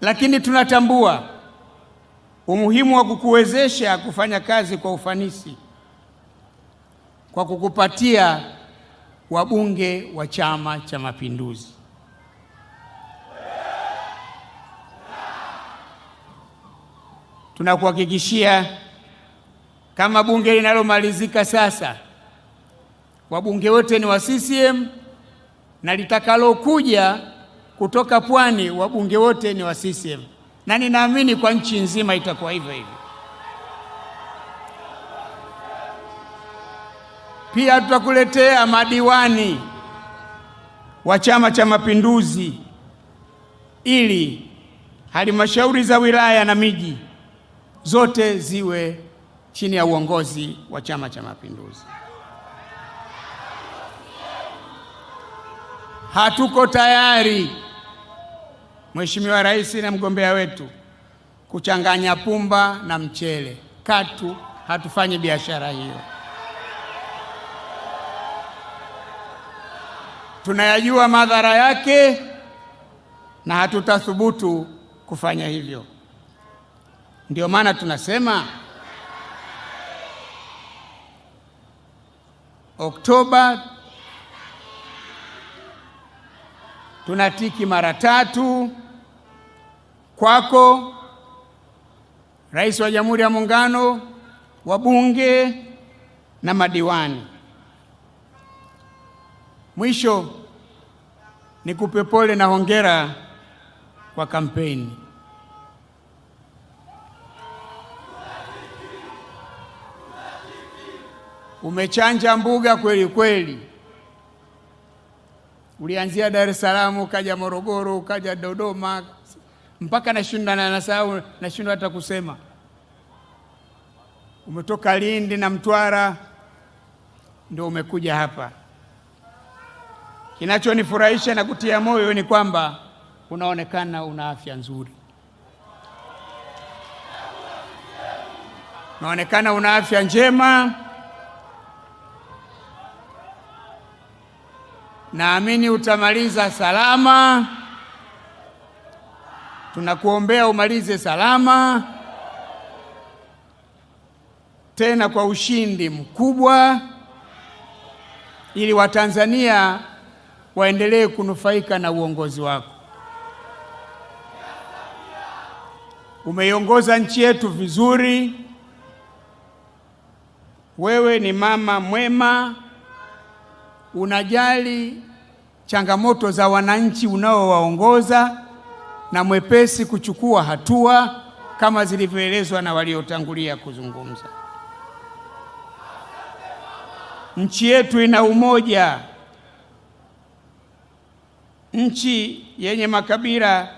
lakini tunatambua umuhimu wa kukuwezesha kufanya kazi kwa ufanisi kwa kukupatia wabunge wa Chama cha Mapinduzi. Tunakuhakikishia kama bunge linalomalizika sasa, wabunge wote ni wa CCM na litakalokuja kutoka pwani, wabunge wote ni wa CCM na ninaamini kwa nchi nzima itakuwa hivyo hivyo. Pia tutakuletea madiwani wa Chama cha Mapinduzi ili halmashauri za wilaya na miji zote ziwe chini ya uongozi wa Chama cha Mapinduzi. Hatuko tayari Mheshimiwa Rais na mgombea wetu kuchanganya pumba na mchele. Katu hatufanyi biashara hiyo. Tunayajua madhara yake na hatutathubutu kufanya hivyo. Ndio maana tunasema Oktoba tunatiki mara tatu kwako, Rais wa Jamhuri ya Muungano, wabunge na madiwani. Mwisho nikupe pole na hongera kwa kampeni. Umechanja mbuga kweli kweli. Ulianzia Dar es Salaam, ukaja Morogoro, ukaja Dodoma mpaka nashindana nasahau, nashindwa hata kusema. Umetoka Lindi na Mtwara ndio umekuja hapa. Kinachonifurahisha na kutia moyo ni kwamba unaonekana una afya nzuri, unaonekana una afya njema. Naamini utamaliza salama tunakuombea umalize salama tena kwa ushindi mkubwa, ili Watanzania waendelee kunufaika na uongozi wako. Umeiongoza nchi yetu vizuri. Wewe ni mama mwema, unajali changamoto za wananchi unaowaongoza na mwepesi kuchukua hatua kama zilivyoelezwa na waliotangulia kuzungumza. Nchi yetu ina umoja. Nchi yenye makabila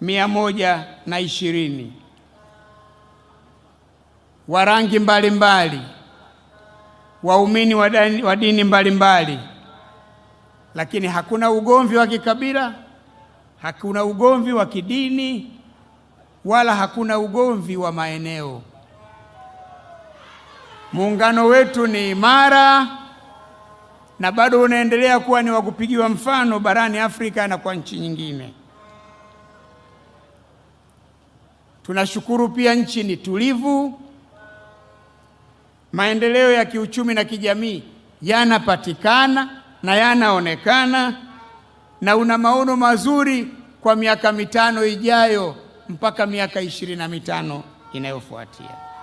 mia moja na ishirini wa rangi mbalimbali, waumini wa dini mbalimbali, lakini hakuna ugomvi wa kikabila hakuna ugomvi wa kidini wala hakuna ugomvi wa maeneo. Muungano wetu ni imara na bado unaendelea kuwa ni wa kupigiwa mfano barani Afrika na kwa nchi nyingine. Tunashukuru pia nchi ni tulivu, maendeleo ya kiuchumi na kijamii yanapatikana na yanaonekana na una maono mazuri kwa miaka mitano ijayo mpaka miaka ishirini na mitano inayofuatia.